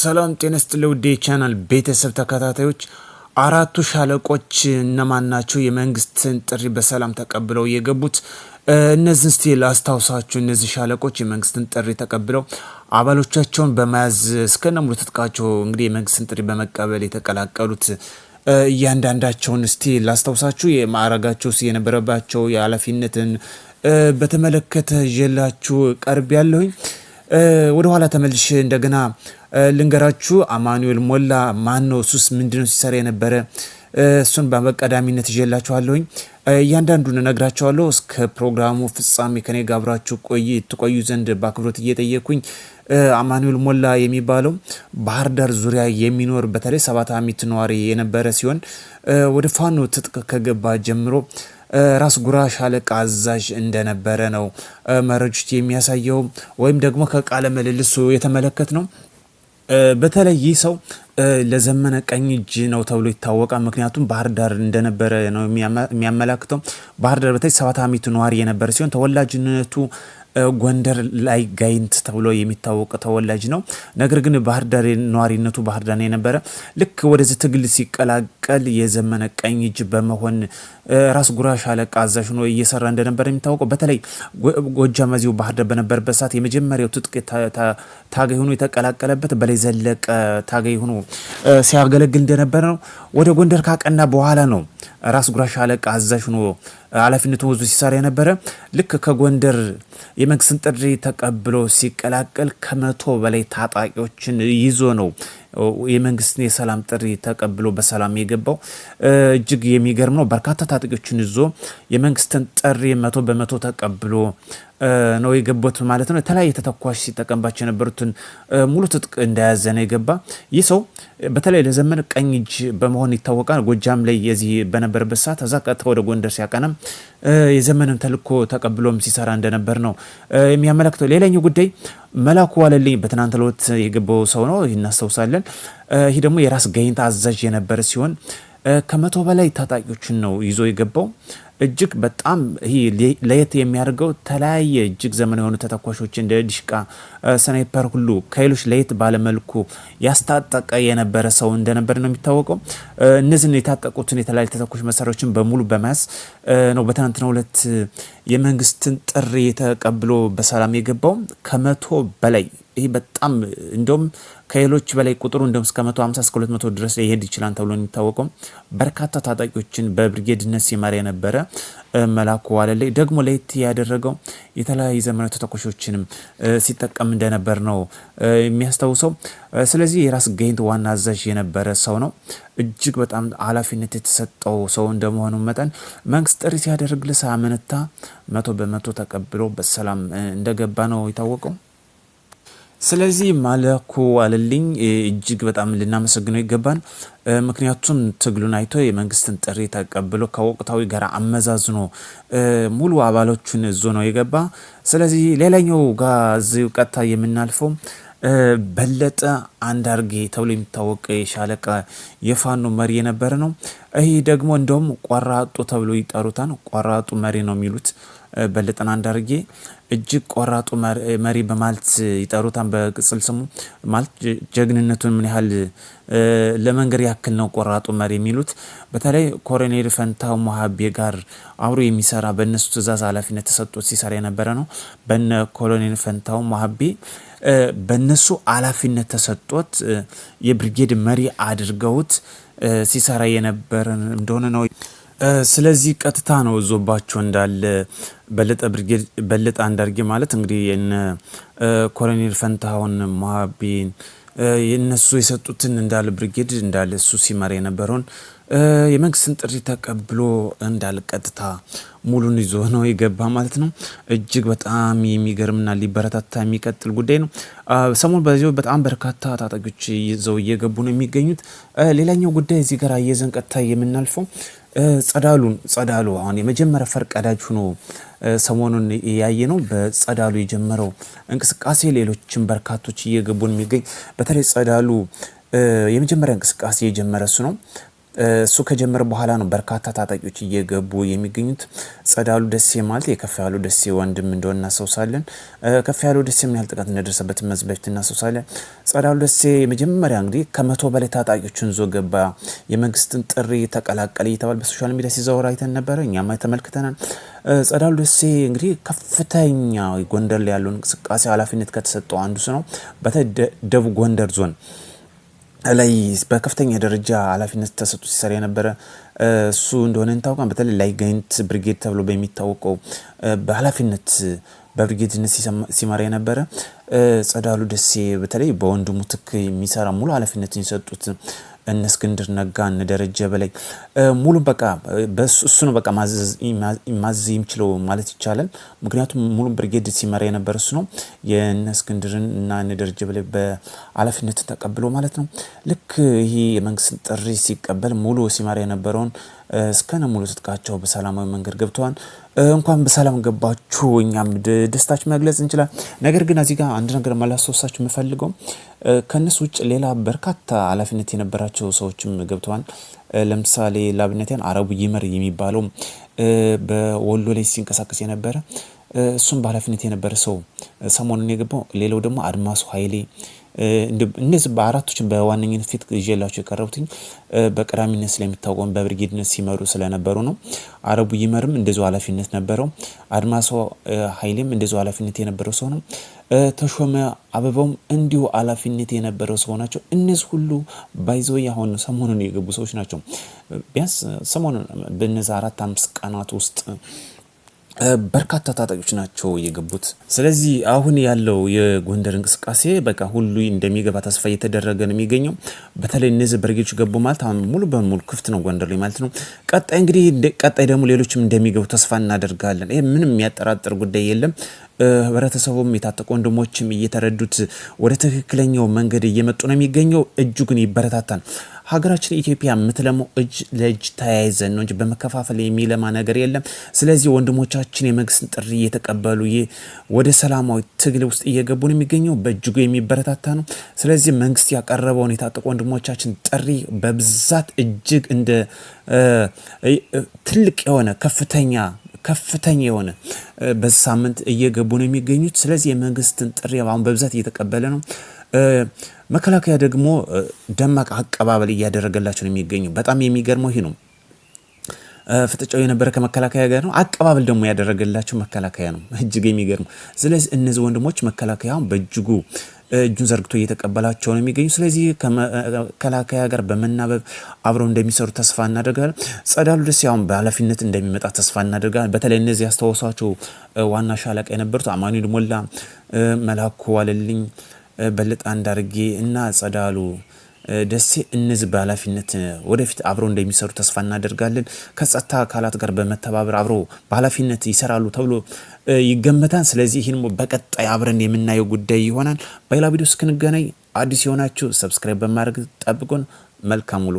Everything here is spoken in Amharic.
ሰላም ጤና ይስጥልኝ ውድ ቤተሰብ ተከታታዮች፣ አራቱ ሻለቆች እነማን ናቸው? የመንግስትን ጥሪ በሰላም ተቀብለው የገቡት እነዚህን ስቲ ላስታውሳችሁ። እነዚህ ሻለቆች የመንግስትን ጥሪ ተቀብለው አባሎቻቸውን በመያዝ እስከነሙሉ ትጥቃቸው እንግዲህ የመንግስትን ጥሪ በመቀበል የተቀላቀሉት እያንዳንዳቸውን እስቲ ላስታውሳችሁ የማዕረጋቸው የነበረባቸው የኃላፊነትን በተመለከተ ይዤላችሁ ቀርብ ያለሁኝ። ወደኋላ ተመልሼ እንደገና ልንገራችሁ፣ አማኑኤል ሞላ ማን ነው? እሱስ ምንድነው ሲሰራ የነበረ? እሱን በቀዳሚነት ይዤላችኋለሁኝ። እያንዳንዱን እነግራችኋለሁ። እስከ ፕሮግራሙ ፍጻሜ ከኔ ጋር አብራችሁ ቆይ ትቆዩ ዘንድ በአክብሮት እየጠየኩኝ አማኑኤል ሞላ የሚባለው ባህር ዳር ዙሪያ የሚኖር በተለይ ሰባት አሚት ነዋሪ የነበረ ሲሆን ወደ ፋኖ ትጥቅ ከገባ ጀምሮ ራስ ጉራ ሻለቃ አዛዥ እንደነበረ ነው መረጆች የሚያሳየው ወይም ደግሞ ከቃለ ምልልሱ የተመለከት ነው። በተለይ ይህ ሰው ለዘመነ ቀኝ እጅ ነው ተብሎ ይታወቃል። ምክንያቱም ባህር ዳር እንደነበረ ነው የሚያመላክተው። ባህር ዳር በተለይ ሰባት ዓመቱ ነዋሪ የነበረ ሲሆን ተወላጅነቱ ጎንደር ላይ ጋይንት ተብሎ የሚታወቅ ተወላጅ ነው። ነገር ግን ባህር ዳር ነዋሪነቱ ባህር ዳር የነበረ ልክ ወደዚህ ትግል ሲቀላቀል የዘመነ ቀኝ እጅ በመሆን ራስ ጉራሽ አለቃ አዛዥ ሆኖ እየሰራ እንደነበረ የሚታወቀው በተለይ ጎጃም እዚሁ ባህር ዳር በነበረበት ሰዓት የመጀመሪያው ትጥቅ ታጋይ ሆኖ የተቀላቀለበት በላይ ዘለቀ ታጋይ ሆኖ ሲያገለግል እንደነበረ ነው። ወደ ጎንደር ካቀና በኋላ ነው ራስ ጉራሽ አለቃ አዛዥ ሆኖ ኃላፊነቱን ወስዶ ሲሰራ የነበረ ልክ ከጎንደር የመንግስትን ጥሪ ተቀብሎ ሲቀላቀል ከመቶ በላይ ታጣቂዎችን ይዞ ነው የመንግስትን የሰላም ጥሪ ተቀብሎ በሰላም የገባው እጅግ የሚገርም ነው። በርካታ ታጣቂዎችን ይዞ የመንግስትን ጥሪ መቶ በመቶ ተቀብሎ ነው የገቡት ማለት ነው። የተለያየ ተተኳሽ ሲጠቀምባቸው የነበሩትን ሙሉ ትጥቅ እንደያዘ ነው የገባ። ይህ ሰው በተለይ ለዘመን ቀኝ እጅ በመሆን ይታወቃል። ጎጃም ላይ የዚህ በነበረበት ሰዓት እዛ ቀጥታ ወደ ጎንደር ሲያቀናም የዘመንን ተልእኮ ተቀብሎም ሲሰራ እንደነበር ነው የሚያመለክተው። ሌላኛው ጉዳይ መላኩ ዋለልኝ በትናንት ሎት የገባው ሰው ነው፣ እናስታውሳለን። ይህ ደግሞ የራስ ገኝታ አዛዥ የነበረ ሲሆን ከመቶ በላይ ታጣቂዎችን ነው ይዞ የገባው። እጅግ በጣም ይህ ለየት የሚያደርገው ተለያየ እጅግ ዘመን የሆኑ ተተኳሾች እንደ ዲሽቃ፣ ስናይፐር ሁሉ ከሌሎች ለየት ባለመልኩ ያስታጠቀ የነበረ ሰው እንደነበር ነው የሚታወቀው። እነዚህን የታጠቁትን የተለያዩ ተተኳሽ መሳሪያዎችን በሙሉ በመያዝ ነው በትናንትናው ዕለት የመንግስትን ጥሪ ተቀብሎ በሰላም የገባው ከመቶ በላይ ይህ በጣም እንደውም ከሌሎች በላይ ቁጥሩ እንደውም እስከ 150 እስከ 200 ድረስ ሊሄድ ይችላል ተብሎ የሚታወቀው በርካታ ታጣቂዎችን በብርጌድነት ሲመራ የነበረ መላኩ ዋለልኝ ደግሞ ለየት ያደረገው የተለያዩ ዘመናዊ ተተኮሾችንም ሲጠቀም እንደነበር ነው የሚያስታውሰው። ስለዚህ የራስ ጋይንት ዋና አዛዥ የነበረ ሰው ነው። እጅግ በጣም ኃላፊነት የተሰጠው ሰው እንደመሆኑ መጠን መንግስት ጥሪ ሲያደርግ ልሳ መነታ መቶ በመቶ ተቀብሎ በሰላም እንደገባ ነው የታወቀው። ስለዚህ ማለኩ አለልኝ እጅግ በጣም ልናመሰግነው ይገባል። ምክንያቱም ትግሉን አይቶ የመንግስትን ጥሪ ተቀብሎ ከወቅታዊ ጋር አመዛዝኖ ሙሉ አባሎቹን እዞ ነው የገባ። ስለዚህ ሌላኛው ጋር ቀጥታ የምናልፈው በለጠ አንዳርጌ ተብሎ የሚታወቅ የሻለቃ የፋኖ መሪ የነበረ ነው። ይህ ደግሞ እንደውም ቆራጡ ተብሎ ይጠሩታን ቆራጡ መሪ ነው የሚሉት በለጠና አንዳርጌ እጅግ ቆራጡ መሪ በማለት ይጠሩታን በቅጽል ስሙ ማለት ጀግንነቱን ምን ያህል ለመንገር ያክል ነው ቆራጡ መሪ የሚሉት። በተለይ ኮሎኔል ፈንታው ሞሀቤ ጋር አብሮ የሚሰራ በእነሱ ትእዛዝ ኃላፊነት ተሰጥቶት ሲሰራ የነበረ ነው። በነ ኮሎኔል ፈንታው ሞሀቤ በእነሱ ኃላፊነት ተሰጥቶት የብሪጌድ መሪ አድርገውት ሲሰራ የነበረ እንደሆነ ነው ስለዚህ ቀጥታ ነው እዞባቸው እንዳለ በለጠ አንዳርጌ ማለት እንግዲህ የነ ኮሎኔል ፈንታሁን ማቢን የነሱ የሰጡትን እንዳለ ብርጌድ እንዳለ እሱ ሲመራ የነበረውን የመንግስትን ጥሪ ተቀብሎ እንዳለ ቀጥታ ሙሉን ይዞ ነው የገባ ማለት ነው። እጅግ በጣም የሚገርምና ሊበረታታ የሚቀጥል ጉዳይ ነው። ሰሞኑን በዚ በጣም በርካታ ታጣቂዎች ይዘው እየገቡ ነው የሚገኙት። ሌላኛው ጉዳይ እዚህ ጋር እየዘን ቀጥታ የምናልፈው ጸዳሉን ጸዳሉ አሁን የመጀመሪያ ፈርቀዳጅ ሆኖ ሰሞኑን እያየ ነው። በጸዳሉ የጀመረው እንቅስቃሴ ሌሎችን በርካቶች እየገቡ የሚገኝ በተለይ ጸዳሉ የመጀመሪያ እንቅስቃሴ የጀመረ እሱ ነው። እሱ ከጀመረ በኋላ ነው በርካታ ታጣቂዎች እየገቡ የሚገኙት። ጸዳሉ ደሴ ማለት የከፍ ያሉ ደሴ ወንድም እንደሆነ እናስታውሳለን። ከፍ ያሉ ደሴ ምን ያህል ጥቃት እንደደረሰበት መዝ በፊት እናስታውሳለን። ጸዳሉ ደሴ የመጀመሪያ እንግዲህ ከመቶ በላይ ታጣቂዎችን ዞ ገባ፣ የመንግስትን ጥሪ ተቀላቀለ እየተባለ በሶሻል ሚዲያ ሲዘወር አይተን ነበረ፣ እኛም ተመልክተናል። ጸዳሉ ደሴ እንግዲህ ከፍተኛ ጎንደር ላይ ያለውን እንቅስቃሴ ኃላፊነት ከተሰጠው አንዱ ነው። በተለይ ደቡብ ጎንደር ዞን ላይ በከፍተኛ ደረጃ ኃላፊነት ተሰጡ ሲሰራ የነበረ እሱ እንደሆነ እንታውቃን በተለይ ላይ ጋይንት ብሪጌድ ተብሎ በሚታወቀው በኃላፊነት በብሪጌድነት ሲመራ የነበረ ጸዳሉ ደሴ በተለይ በወንድሙ ትክ የሚሰራ ሙሉ ኃላፊነትን የሰጡት እነ እስክንድር ነጋ፣ እነ ደረጀ በላይ ሙሉ በቃ እሱ ነው በቃ ማዘዝ የምችለው ማለት ይቻላል። ምክንያቱም ሙሉ ብርጌድ ሲመራ የነበረ እሱ ነው። የእነ እስክንድርን እና እነ ደረጀ በላይ በኃላፊነት ተቀብሎ ማለት ነው። ልክ ይህ የመንግስት ጥሪ ሲቀበል ሙሉ ሲመራ የነበረውን እስከነ ሙሉ ትጥቃቸው በሰላማዊ መንገድ ገብተዋል። እንኳን በሰላም ገባችሁ እኛም ደስታችሁ መግለጽ እንችላል። ነገር ግን እዚህ ጋር አንድ ነገር ማላስታውሳችሁ የምፈልገው ከእነሱ ውጭ ሌላ በርካታ ኃላፊነት የነበራቸው ሰዎችም ገብተዋል። ለምሳሌ ላብነትያን አረቡ ይመር የሚባለው በወሎ ላይ ሲንቀሳቀስ የነበረ እሱም በኃላፊነት የነበረ ሰው ሰሞኑን የገባው ሌላው ደግሞ አድማሱ ኃይሌ እነዚህ በአራቶች በዋነኝነት ፊት ይዤላቸው የቀረቡትኝ በቀዳሚነት ስለሚታወቁ በብርጌድነት ሲመሩ ስለነበሩ ነው። አረቡ ይመርም እንደዚሁ ኃላፊነት ነበረው። አድማሶ ኃይሌም እንደዚሁ ኃላፊነት የነበረው ሰው ነው። ተሾመ አበባውም እንዲሁ ኃላፊነት የነበረው ሰው ናቸው። እነዚህ ሁሉ ባይዞ ያሆን ሰሞኑን የገቡ ሰዎች ናቸው። ቢያንስ ሰሞኑን በነዚ አራት አምስት ቀናት ውስጥ በርካታ ታጣቂዎች ናቸው የገቡት። ስለዚህ አሁን ያለው የጎንደር እንቅስቃሴ በቃ ሁሉ እንደሚገባ ተስፋ እየተደረገ ነው የሚገኘው። በተለይ እነዚህ ብርጌዶች ገቡ ማለት አሁን ሙሉ በሙሉ ክፍት ነው ጎንደር ላይ ማለት ነው። ቀጣይ እንግዲህ ቀጣይ ደግሞ ሌሎችም እንደሚገቡ ተስፋ እናደርጋለን። ይህ ምንም የሚያጠራጥር ጉዳይ የለም። ህብረተሰቡም የታጠቁ ወንድሞችም እየተረዱት ወደ ትክክለኛው መንገድ እየመጡ ነው የሚገኘው። እጅጉን ይበረታታል። ሀገራችን ኢትዮጵያ የምትለመው እጅ ለእጅ ተያይዘን ነው እንጂ በመከፋፈል የሚለማ ነገር የለም። ስለዚህ ወንድሞቻችን የመንግስትን ጥሪ እየተቀበሉ ወደ ሰላማዊ ትግል ውስጥ እየገቡ ነው የሚገኘው። በእጅጉ የሚበረታታ ነው። ስለዚህ መንግስት ያቀረበውን የታጠቁ ወንድሞቻችን ጥሪ በብዛት እጅግ እንደ ትልቅ የሆነ ከፍተኛ ከፍተኛ የሆነ በዚህ ሳምንት እየገቡ ነው የሚገኙት። ስለዚህ የመንግስትን ጥሪ አሁን በብዛት እየተቀበለ ነው። መከላከያ ደግሞ ደማቅ አቀባበል እያደረገላቸው ነው የሚገኙ። በጣም የሚገርመው ይሄ ነው። ፍጥጫው የነበረ ከመከላከያ ጋር ነው። አቀባበል ደግሞ ያደረገላቸው መከላከያ ነው። እጅግ የሚገርሙ። ስለዚህ እነዚህ ወንድሞች መከላከያውን በእጅጉ እጁን ዘርግቶ እየተቀበላቸው ነው የሚገኙ። ስለዚህ ከመከላከያ ጋር በመናበብ አብረው እንደሚሰሩ ተስፋ እናደርጋለን። ጸዳሉ ደስ ያሁን በኃላፊነት እንደሚመጣ ተስፋ እናደርጋለን። በተለይ እነዚህ ያስታወሷቸው ዋና ሻለቃ የነበሩት አማኑኤል ሞላ፣ መላኩ ዋለልኝ በለጠ አንዳርጌ እና ጸዳሉ ደሴ እነዚህ በኃላፊነት ወደፊት አብረው እንደሚሰሩ ተስፋ እናደርጋለን። ከጸጥታ አካላት ጋር በመተባበር አብረው በኃላፊነት ይሰራሉ ተብሎ ይገመታል። ስለዚህ ይህን በቀጣይ አብረን የምናየው ጉዳይ ይሆናል። በሌላ ቪዲዮ እስክንገናኝ አዲስ የሆናችሁ ሰብስክራይብ በማድረግ ጠብቁን። መልካም ውሎ